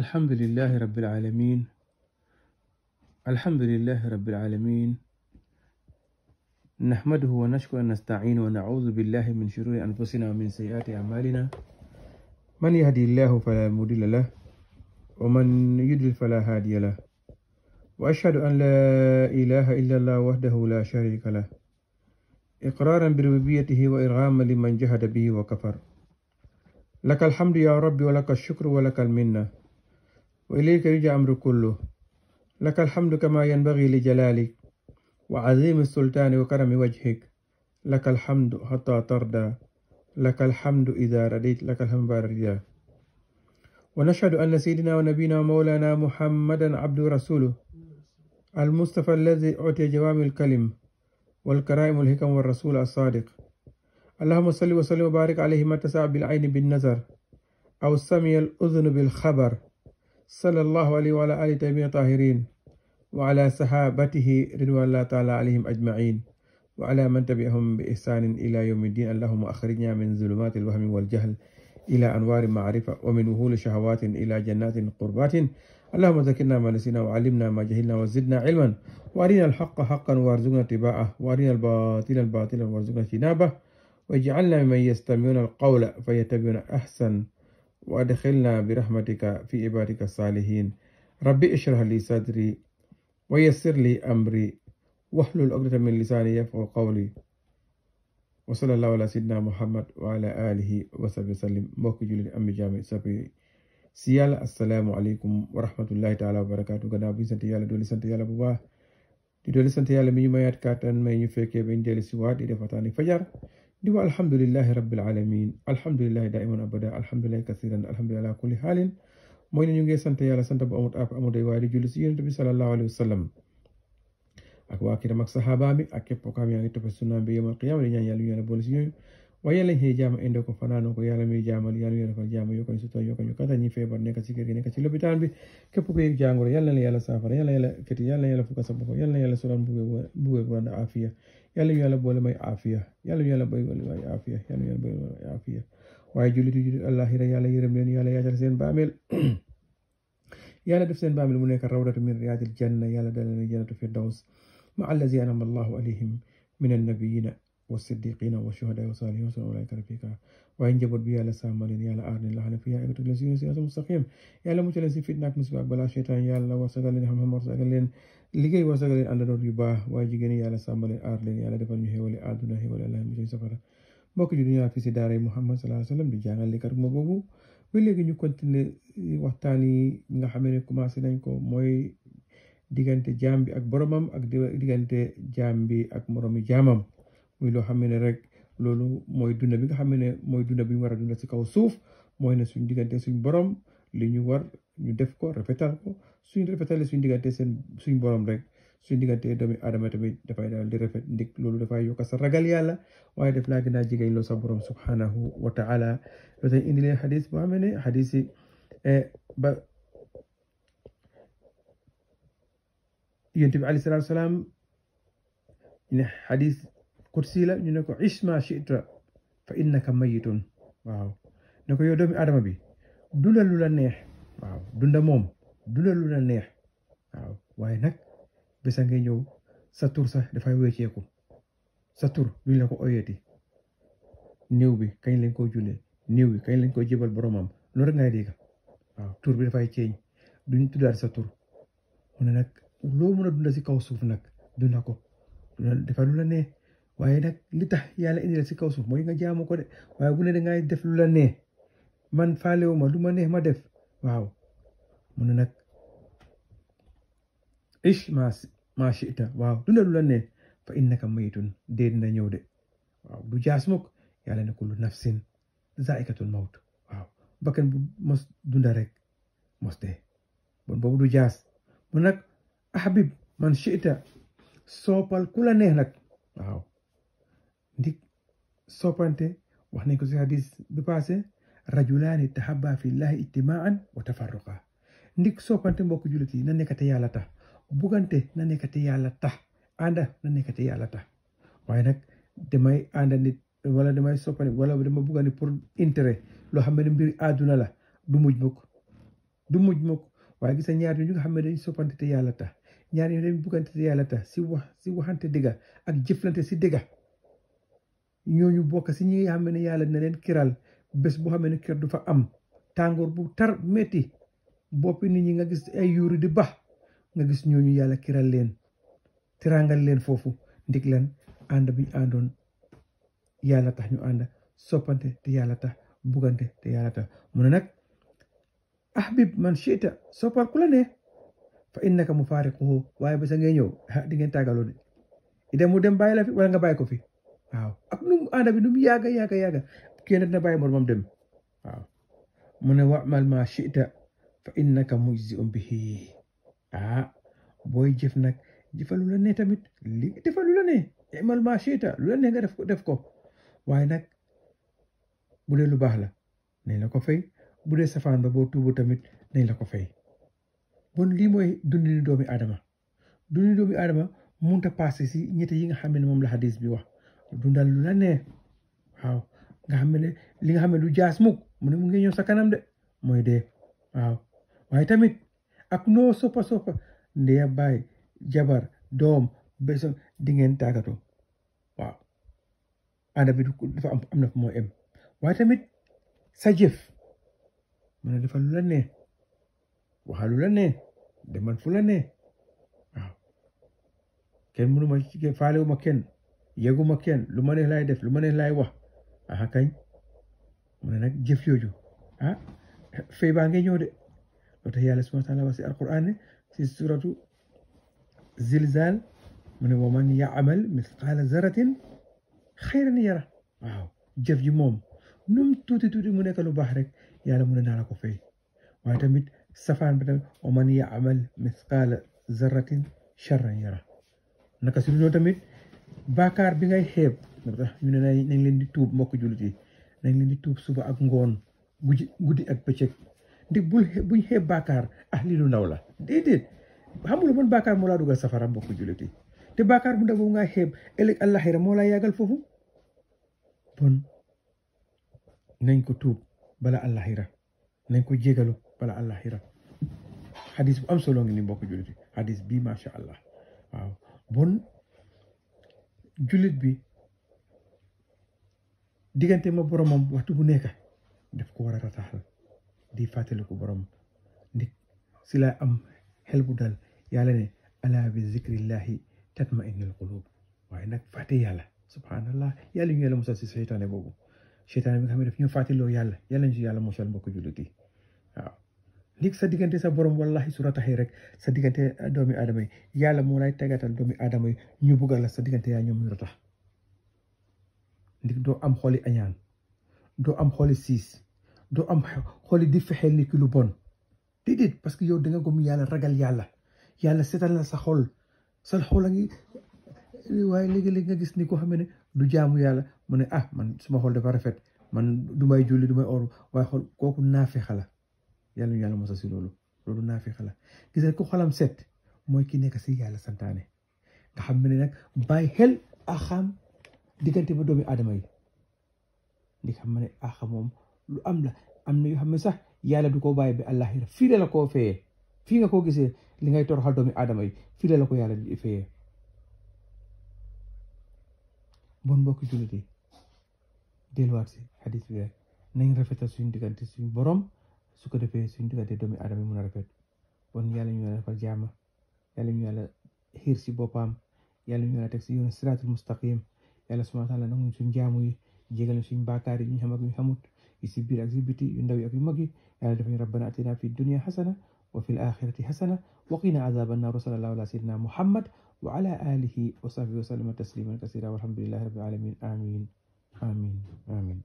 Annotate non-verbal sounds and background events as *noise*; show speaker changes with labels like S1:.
S1: الحمد لله رب العالمين الحمد لله رب العالمين نحمده ونشكر ونستعين ونعوذ بالله من شرور أنفسنا ومن سيئات أعمالنا من يهدي الله فلا مضل له ومن يضلل فلا هادي له وأشهد أن لا إله إلا الله وحده لا شريك له إقرارا بربوبيته وإرغاما لمن جهد به وكفر لك الحمد يا رب ولك الشكر ولك المنه وإليك يجى أمر كله لك الحمد كما ينبغي لجلالك وعظيم السلطان وكرم وجهك لك الحمد حتى ترضى لك الحمد إذا رديت لك الحمد بعد ونشهد أن سيدنا ونبينا ومولانا محمدا عبد رسوله المصطفى الذي أعطي جوامع الكلم والكرائم والحكم والرسول الصادق اللهم صل وسلم وبارك عليه ما تسع بالعين بالنظر أو سمي الأذن بالخبر صلى الله عليه وعلى آله تيمين الطاهرين وعلى صحابته رضوان الله تعالى عليهم أجمعين وعلى من تبعهم بإحسان إلى يوم الدين اللهم أخرجنا من ظلمات الوهم والجهل إلى أنوار معرفة ومن وهول شهوات إلى جنات قربات اللهم ذكرنا ما نسينا وعلمنا ما جهلنا وزدنا علما وارنا الحق حقا وارزقنا اتباعه وارنا الباطل باطلا وارزقنا اجتنابه واجعلنا ممن يستمعون القول فيتبعون احسن وأدخلنا برحمتك في عبادك الصالحين ربي اشرح لي صدري ويسر لي أمري واحلل عقدة من لساني يفقه قولي وصلى الله على سيدنا محمد وعلى آله وصحبه وسلم بوك جولي أم جامع سبي سيالا السلام عليكم ورحمة الله تعالى وبركاته غنا بي سنت يالا دولي سنت يالا بوبا دي دولي سنت يالا مي يمايات كاتن مي نيو فيكي بين جيل سوا دي دفتاني فجر di wa alhamdulilahi rabbil alamin alhamdulilahi daiman abada alhamdulilahi kasiran alhamdulilahi ala kulli xaalin mooy ne ñu ngi sant yàlla sant bu amut app amut day waaye di julli si yonent bi sallallahu ak waa kiram ak saxaabaami ak képp koo xam yaa ngi topp sunna bi yawmal qiyaama di ñaan yàlla waaye yàlla ñu jaama indee ko fanaanoo ko yàlla muy jaamal yàlla ñu defal jaama yokk ñu sutura yokk ñu kata ñi feebar nekk ci kër gi nekk ci lopitaan bi képp ku yëg jàngoro yàlla na yàlla saafara yàlla yàlla kati yàlla yàlla fukka sa bopp yàlla yàlla suran buggee bu wàllu afiya yàlla ñu yàlla boole may afiya yàlla ñu yàlla boy may afiya yàlla ñu yàlla boy may afiya waaye julliti julliti àllaaxira yàlla yërëm leen yàlla yaatal seen baameel *clears throat* yàlla def seen baameel mu nekk rawdatu min riyaadil janna yàlla dalal jannatu firdaws ma allazi anama allahu alayhim min annabiyiina wa siddiqina wa shuhada wa salihin wa ulaika rafiqa waaye njaboot bi yàlla sàmmal leen yàlla aar leen laxale fi yaa egatu leen si yoon siraatal mustaqim yàlla mucc leen si fitna ak musiba ak balaa seytaan yàlla warsagal leen xam-xam warsagal leen liggéey warsagal leen àndandoor yu baax waaye jigéen yàlla sàmmal leen aar leen yàlla defal ñu xéwale àdduna xéwale allah mucc safara mbokk ju duñaa fi si daaray muhammad sallallahu alayhi wa sallam di jàngalekat moo boobu ba léegi ñu continuer waxtaan yi nga xam ne commencé nañ ko mooy diggante jaam bi ak boromam ak diggante jaam bi ak moromi jaamam muy loo xam ne rek loolu mooy dunda bi nga xam ne mooy dunda bi ñu war a dunda si kaw suuf mooy ne suñ diggante suñ borom li ñu war ñu def ko rafetal ko suñ rafetale suñ diggante seen suñ borom rek suñ diggante doomi aadama tamit dafay daal di rafet ndik loolu dafay yokk sa ragal yàlla waaye daf laa gën a jege loo sa borom subhanahu wa taala loo tax indi leen xadis boo xam ne xadis yi eh, ba yonent bi alayhi salaatu salaam ne xadis kutsi la ñu ne ko isma chita fa innaka mayitun waaw ne ko yow doomi adama bi dunda lu la neex waaw dunda moom dunda lu la neex waaw waaye nag bisa ngay ñëw sa tur sax dafay wecceku sa tur duñ la ko oyeeti néew bi kañ lañ ko jullee néew bi kañ lañ ko jébal boromam loolu rek ngay dégg waaw tur bi dafay ceeñ duñ tuddaat sa tur mu ne nag loo mën a dunda si kaw suuf nag dunda ko dunda dafay lu la neex waaye nag li tax yàlla indi si kaw suuf mooy nga jaamu ko de waaye bu ne ngay def lu la neex man faalewu ma lu ma neex ma def waaw mu ne nag ich ma chita waaw lu ne lu la neex fa innaka mayitun dee dina ñëw de waaw du jaas mukk yàlla ne kullu nafsin zaikatul mawt waaw bakkan du jaas mu nag man chita soopal ku la nee nag ndik soppante wax nañ ko si hadis bi passé rajulaani tahabba fillahi ijtimaan wa tafarruqa ndik soppante mbokk jullit yi na nekkate yàlla tax bugante na nekkate yàlla tax ànda na nekkate yàlla tax waaye nag demay ànda nit wala damay soppani wala dama buggani pour intérêt loo xam ne mbir àdduna la du mujj mukk du mujj mukk waaye gis ñaar ñu nga xam ne dañ yàlla tax ñaar ñu dañ buggante yàlla si si waxante dëgga ak jëflante si dëgga ñooñu bokk si ñi nga xam ne yàlla na leen kiral bés bu xam ne kër du fa am tàngoor bu tar metti boppi nit ñi nga gis ay yuuri di bax nga gis ñooñu yàlla kiral leen tirangal leen foofu ndig leen ànd bi àndoon yàlla tax ñu ànd soppante te yàlla tax bugante te yàlla tax mu ne nag ahbib man soppar ku la ne fa innaka mu faariquhu waaye ba sa ngay ñëw di ngeen tàggaloo de idem mu dem bàyyi la fi wala nga bàyyi ko fi waaw ak aada bi du mu yàgga yàgga yàgga kenn dina bàyyi moromam dem waaw mu ne wamal ma chita fa innaka mujziun bihi ah booy jëf nag jëfal lu la ne tamit li defal lu la ne imal ma chita lu la ne nga def ko def ko waaye nag bu dee lu baax la ne la ko fay bu dee safaan ba boo tuubu tamit nañ la ko fay bon lii mooy dundinu doomi aadama dundinu doomi aadama munta paase si ñette yi nga xam ne moom la hadis bi wax dundal lu la neex waaw nga xam ne li nga xam ne du jaas mukk mu ne mu ngi ñëw sa kanam de mooy dee waaw waaye tamit ak noo soppa soppa ndeya baay jabar doom besoon di ngeen tàggatoo waaw ànda bi dafa am na fu moo em waaye tamit sa jëf mu ne dafa lu la neex waxa lu la neex demal fu la ne waaw kenn mënu ma faale wu ma kenn yëguma kenn lu ma neex laay def lu ma neex laay wax kañ mu ne nag jëf yooju ah fay baa ngay ñëw de yàlla subhaanahu wa taala wax si alquran ne si suratu zilzal mu ne wa man yaamal misqaala zaratin xayran yara waaw jëf ji moom num tuuti tuuti mu nekk lu baax rek yàlla mu ne naa la ko fay waaye tamit safaan bi tamit wa man yaamal misqaala zaratin charran yara naka si tamit bakar bi ngay xeb moo ñu ne nañ leen di tuub mbokk julit yi nañ leen di tuub suba ak ngoon guddi guddi ak pecc di bul buñ xeb bakar ah li lu ndaw la dedet xamul man bakar mo la duggal safara mbokk julit yi te bakar bu ndaw nga xeb elek allahira mo la yagal fofu bon nañ ko tuub bala allahira nañ ko jégalu bala allahira xadis bu am solo ngi ni mbokk julit yi bi ma sha allah waaw bon julit bi diggante ma boromam waxtu bu nekk daf ko war a di fàttaliku borom ndi si laa am xel bu dal yàlla ne ala bi zikrillahi tatma innal qulub waaye nag fàtte yàlla subhanallah yàlla ñu yàlla musal si seytaane boobu seytaane bi xam ne daf ñu fàttaloo yàlla yàlla ñu si yàlla musal mbokk jullit yi li sa diggante sa borom wallahi su la taxee rek sa diggante uh, doomi aadama yi yàlla moo lay tegatal doomi aadama yi ñu buggal la sa diggante yaa ñoom ñu tax ndig doo am xooli añaan doo am xooli siis doo am xooli di fexeel ni kilo lu bon déedéet parce que yow da nga gëm yàlla ragal yàlla yàlla setal na sa xool sa xol a ngi waaye léegi-léegi nga gis ni ko xam ne du jaamu yàlla mu ne ah man suma xool dafa rafet man du may julli du may or waaye xol kooku naafeexa yàlla ñu yàlla mos a si loolu loolu naa fi xalaat gis ko ku set mooy ki nekk si yàlla santaane nga xam ne nag bàyyi xel axam diggante ba doomi aadama yi di xam ne xam moom lu am la am na yoo xam ne sax yàlla du ko bàyyi bi àllaaxira fii la la koo fayee fii nga koo gisee li ngay toroxal doomi adama yi fii la la ko yàlla di fayee bon mbokki jullit yi delluwaat si xadis bi rek nañ rafetal suñu diggante suñu borom su ko defee suñ diggante doomi aadama yi mun a rafet kon yàlla ñu yàlla defal jàmm yàlla ñu yàlla xiir si boppam yàlla ñu yàlla teg si yoon siratul mustaqim yàlla subhaana taala nanguñ suñ jaamu yi jégal ñu suñ baakaar yi ñu xam ak ñu xamut yi si biir ak si biti yu ndaw yi ak yu mag yi yàlla def ñu rabbana atina fi dunia xasana wa fi laaxirati xasana wa qina azaaba annaar wa sallallahu ala sayyidina muhammad wa ala alihi wa sahbihi wa sallama tasliman kasira walhamdulillahi rabbil alamin amin amin amin